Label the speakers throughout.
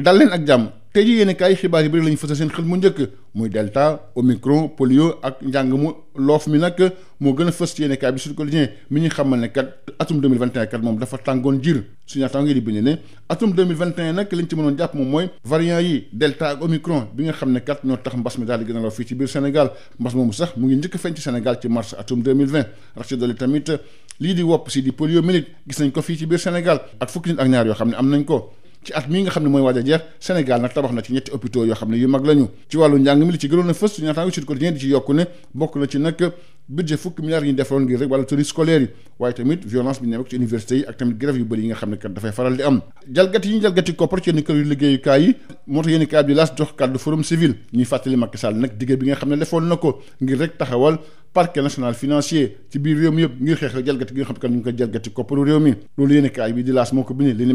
Speaker 1: dal leen ak jàmm te ji yéen kaay xibaar yi bëri la ñu fësal seen xel mu njëkk muy delta omicron polio ak njàng mu loof mi nag moo gën a fës ci yéen bi Sud Quotidien mi ñu xamal ne kat atum 2021 kat moom dafa tàngoon jir suñu naataango ne atum 2021 nag liñ ci mënoon jàpp moom mooy variant yi delta ak omicron bi nga xam ne kat ñoo tax mbas mi daal di gën a fii ci biir Sénégal mbas moomu sax mu ngi njëkk a feeñ ci Sénégal ci mars atum 2020 rax ci dolli tamit lii di wopp si fii ci biir Sénégal ak fukki ak ñaar yoo xam ne am nañ ko ci at mii nga xam ne mooy waaj a jeex Sénégal nag tabax na ci ñetti hôpitaux yoo xam ne yu mag lañu ci wàllu njàng mi li ci gënoon a fës ñaataango Sud di ci yokku ne bokk na ci nag budget fukki milliards ñu defoon ngir rek wàllu tenue scolaire yi waaye tamit violence bi ñu nekk ci université yi ak tamit grève yu bëri yi nga xam ne kat dafay faral di am jalgati yi jalgati koppar ci yenn kër yu liggéeyukaay yi moo tax yenn kaay bi di laas moo ko bindee li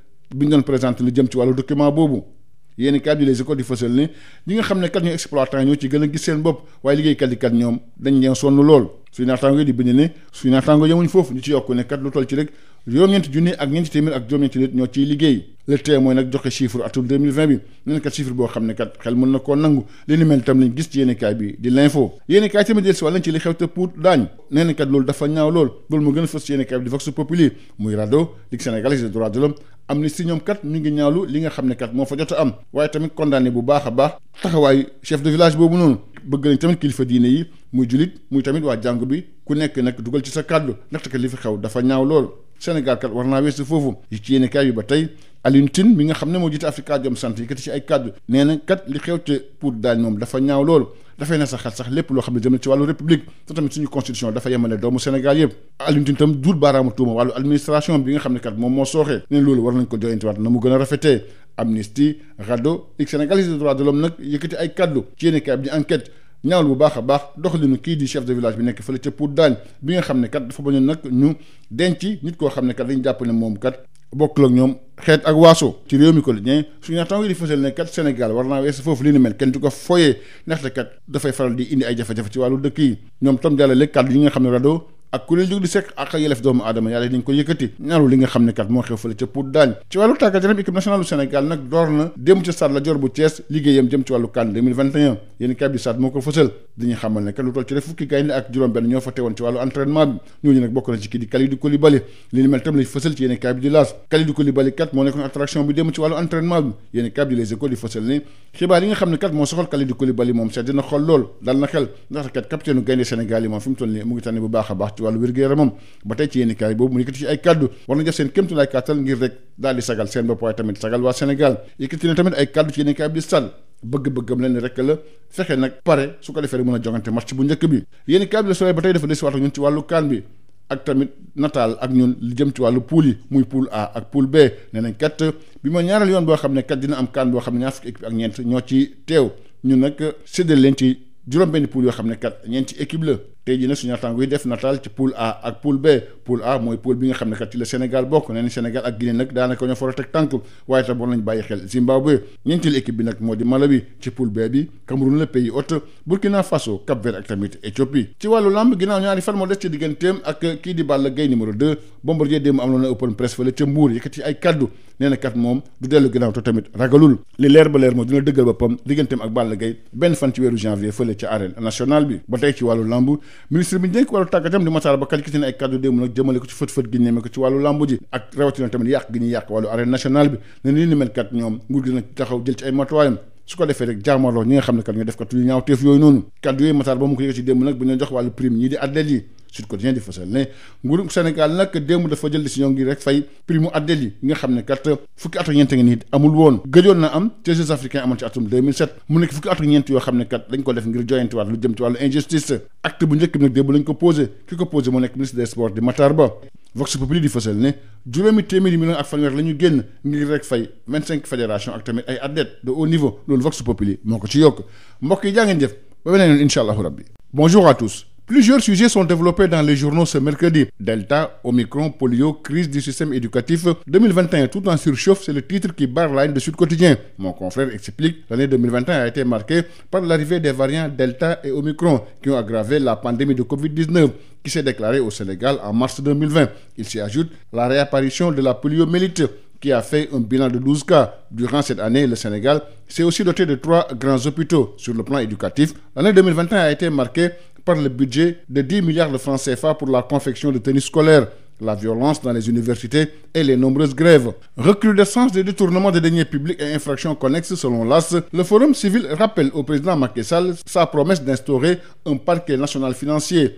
Speaker 1: bi ñu doon présenté lu jëm ci wàllu document boobu yéen kat yu les écoles di fësal ne ñi nga xam ne kat ñu exploitant ñoo ci gën a gis seen bopp waaye liggéeykat yi kat ñoom dañ leen sonn lool suñu naataango di bind ne suñu naataango yemuñ foofu ñu ci yokk ne kat lu toll ci rek juróom-ñeenti junni ak ñeenti téeméer ak juróom-ñeenti nit ñoo ciy liggéey le témoin nag joxe chiffre atum 2020 bi nee na kat chiffre boo xam ne kat xel mën na koo nangu li ni mel tam lañ gis ci yéenekaay bi di l'info yéenekaay tamit del si wàll nañ ci li xew te puut daañ nee loolu dafa ñaaw lool loolu mu gën a fës ci yéenekaay bi di Vox Populi muy RADDHO Ligue sénégalaise des droits de l'homme Amnesty ñoom kat ñu ngi ñaawlu li nga xam ne kat moo fa jot am waaye tamit condamné bu baax a baax taxawaayu chef de boobu noonu bëgg nañ tamit kilifa diine yi muy julit muy tamit waa jàngu bi ku nekk nag dugal ci sa kàddu ndaxte kat li fi xew dafa ñaaw lool Sénégal kat war naa weesu foofu ci yéen kaay bi ba tey Alioune Tine mi nga xam ne moo jiite Africa Jom Sant yëkkati ci ay kàddu nee na kat li xew te pour daal moom dafa ñaaw loolu dafay na saxal sax lépp loo xam ne jëm ci wàllu république te tamit suñu constitution dafa yemale doomu Sénégal yëpp Alioune Tine tam baaraamu tuuma wàllu administration bi nga xam ne kat moom moo sooxee ne loolu war nañ ko joyantiwaat na mu gën a rafetee Amnesty RADDHO ak Sénégalais des droits ay kàddu ci yéen kaay ñaawal bu baax a baax doxalinu kii di chef de village bi nekk fële ca Pout Daañ bi nga xam ne kat dafa bañoon nag ñu denc nit koo xam ne kat dañu jàpp ne moom kat bokkul ak ñoom xeet ak waaso ci réew mi quotidien suñu naataango yi di fësal ne kat Sénégal war naa weesu foofu li ni mel kenn du ko foyee ndaxte kat dafay faral di indi ay jafe-jafe ci wàllu dëkk yi ñoom tom tam jàllale kàddu yi nga xam ne rado ak ku leen jóg di sekk ak yelef doomu aadama yàlla dinañ ko yëkkati ñaaru li nga xam ne kat moo xew fële ca Pout Daañ ci wàllu tàggat yaram équipe nationale Sénégal nag door na démb ca stade Lat Dior bu Thiès liggéeyam jëm ci wàllu CAN 2021 yéen kay bi moo ko fësal dañuy xamal ne kat lu toll ci def fukki gaynde ak juróom benn ñoo fa teewoon ci wàllu entraînement bi ñooñu nag bokk na ci kii di Kalidou Koulibaly li mel tam lañ fësal ci yéen kay di laas ci wàllu wér-gu-yaramam ba tey ci yéeni boobu mu yëkkati ci ay kàddu war na def seen kémtulaay kàttal ngir rek daal di sagal seen bopp waaye tamit sagal waa Sénégal yëkkati na tamit ay kàddu ci yéeni kaay bi di sàll bëgg-bëggam leen rek la fexe nag pare su ko defee rek mën a jongante match bu njëkk bi yéeni kaay bi la Soleil ba tey dafa desi waat ñun ci wàllu kaan bi ak tamit nataal ak ñun li jëm ci wàllu puul yi muy puul A ak puul B nee nañ kat bi ma ñaareel yoon boo xam ne kat dina am kaan boo xam ne ñaar fukki équipe ñoo ci teew ñun leen ci juróom-benn poul yoo xam ne kat ñeenti équipe la tey jii nag suñu naataango yi def nataal ci poule A ak poule B poule A mooy poule bi nga xam ne kat ci la Sénégal bokk nee nañ Sénégal ak Guinée nag daanaka ñoo fara teg tànk waaye tam war nañ bàyyi xel Zimbabwe ñeenteelu équipe bi nag moo di Malawi ci poule B bi Cameroun la pays hôte Burkina Faso Cap Vert ak tamit Éthiopie ci wàllu lamb ginnaaw ñaari fan moo des ci digganteem ak kii di Balla Gaye numéro 2 Bombardier démb am na open press fële ca Mbuur yëkkati ay li leer ba leer moo dina dëggal boppam digganteem ak Balla Gaye benn fan ci weeru bi ba ministre bi njëkk wàllu tàggatam di Matar Ba kañ gis ne ay kàddu démb nag jëmale ko ci fët-fët gi ñeme ko ci wàllu làmb ji ak rawatina tamit yàq gi ñuy yàq wàllu arène nationale bi ne nii ni mel kat ñoom nguur gi nag taxaw jël ci ay matuwaayam su ko defee rek jaamarloo ñi xam ne kat ñoo def kat yu ñaaw teef yooyu noonu kàddu yooyu Matar Ba mu ko yëg ci démb nag bu ñu jox wàllu prime ñii di athlètes yi Sud Quotidien di fësal ne nguurum Sénégal nag démb dafa jël décision ngir rek fay prime mu yi nga xam ne kat fukki at ak ñeent amul woon gëjoon na am ci Jeux africains amoon ci atum 2007 mu nekk fukki at ak ñeent yoo xam ne kat dañ ko def ngir joyantiwaat lu jëm ci wàllu injustice acte bu njëkk bi nag démb lañ ko posé ki ko posé moo nekk ministre des sports di Matar Ba Vox Populi di fësal ne juróomi téeméeri million ak fanweer la ñu génn ngir rek ak tamit ay athlètes Plusieurs sujets sont développés dans les journaux ce mercredi. Delta, Omicron, polio, crise du système éducatif tout en surchauffe, c'est le titre qui barre la de Sud Quotidien. Mon confrère explique, l'année a été marquée par l'arrivée des variants Delta et Omicron qui ont aggravé la pandémie de covid qui s'est déclarée au Sénégal en mars Il s'y ajoute la réapparition de la poliomyélite qui a fait un bilan de 12 cas. Durant cette année, le Sénégal par le budget de 10 milliards de francs CFA pour la confection de tenues scolaires la violence dans les universités et les nombreuses grèves. Recrudescence des détournements de deniers publics et infractions connexes selon l'AS, le Forum civil rappelle au président Macky sa promesse d'instaurer un parquet national financier.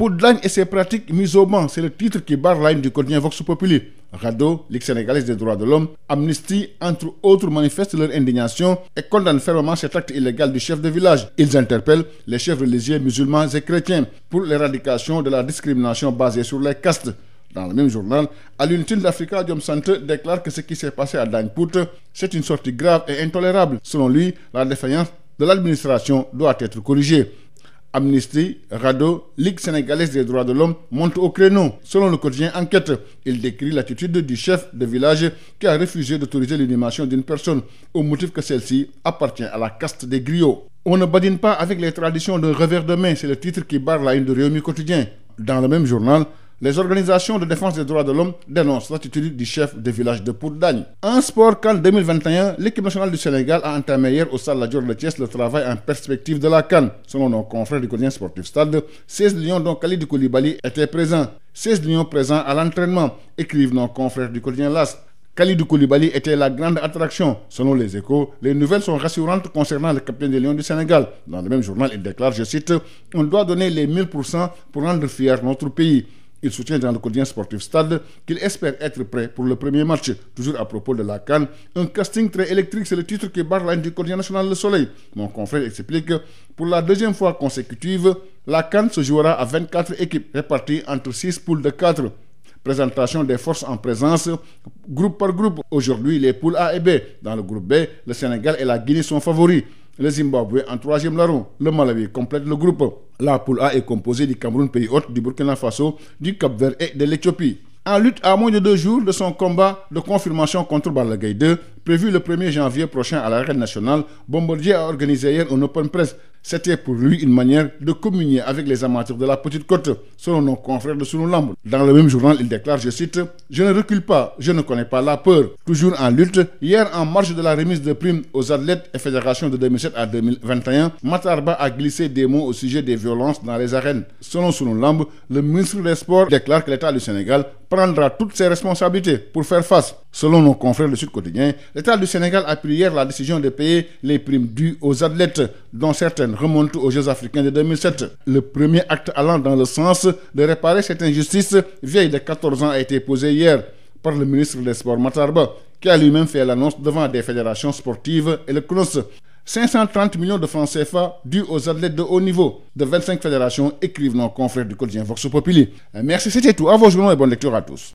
Speaker 1: Podlagne et ses pratiques musulmanes, c'est le titre qui barre la ligne du quotidien Vox Populi. RADDHO, Ligue sénégalaise des droits de l'homme, Amnesty, entre autres, manifestent leur indignation et condamnent fermement cet acte illégal du chef de village. Ils interpellent les chefs religieux musulmans et chrétiens pour l'éradication de la discrimination basée sur les castes. Dans le même journal, à l'unité d'Africa, Diom déclare que ce qui s'est passé à Dagnpout, c'est une sortie grave et intolérable. Selon lui, la défaillance de l'administration doit Amnesty, Rado, Ligue sénégalaise des droits de l'homme montent au créneau. Selon le quotidien Enquête, il décrit l'attitude du chef de village qui a refusé d'autoriser l'inhumation d'une personne au motif que celle-ci appartient à la caste des griots. On ne badine pas avec les traditions d'un revers de main, c'est le titre qui barre la une de Réumi quotidien. Dans le même journal, Les organisations de défense des droits de l'homme dénoncent l'attitude du chef de village de Pourdagne. En sport, CAN l'équipe nationale du Sénégal a entamé hier au Stade La Dior de Thiès le travail en perspective de la CAN. Selon nos confrères du quotidien sportif Stade, 16 lions dont Khalidou Koulibaly était présent. 16 lions présents à l'entraînement, écrivent nos confrères du quotidien LAS. Khalidou Koulibaly était la grande attraction. Il soutient dans le quotidien sportif Stade qu'il espère être prêt pour le premier match. Toujours à propos de la Cannes, un casting très électrique, c'est le titre qui barre la ligne du quotidien national Le Soleil. Mon confrère explique que pour la deuxième fois consécutive, la Cannes se jouera à équipes réparties entre poules de 4 présentation des forces en présence groupe par groupe. Aujourd'hui, les poules A et B. Dans le groupe B, le Sénégal et la Guinée sont le Zimbabwe en troisième larron. Le Malawi complète le groupe. La poule A est composée du Cameroun, pays hôte, du Burkina Faso, du Cap-Vert et de l'Éthiopie. En lutte à moins de deux jours de son combat de confirmation contre Balagay Prévu le 1er janvier prochain à l'Arène nationale, Bombardier a organisé hier un open press. C'était pour lui une manière de communier avec les amateurs de la Petite Côte, selon nos confrères de Sunu Lamb. Dans le même journal, il déclare, je cite, Je ne recule pas, je ne connais pas la peur. Toujours en lutte, hier en marge de la remise de primes aux athlètes et fédérations de à Matarba a glissé des mots au sujet des violences dans les arènes. Selon L'État du Sénégal a pris hier la décision de payer les primes dues aux athlètes, dont certaines remontent aux Jeux africains de 2007. Le premier acte allant dans le sens de réparer cette injustice vieille de ans a été posé hier par le ministre des Sports Matarba, qui a lui-même fait l'annonce devant des fédérations sportives et le CNOS. millions de francs CFA dus aux athlètes de haut niveau de 25 fédérations, écrivent nos confrères du quotidien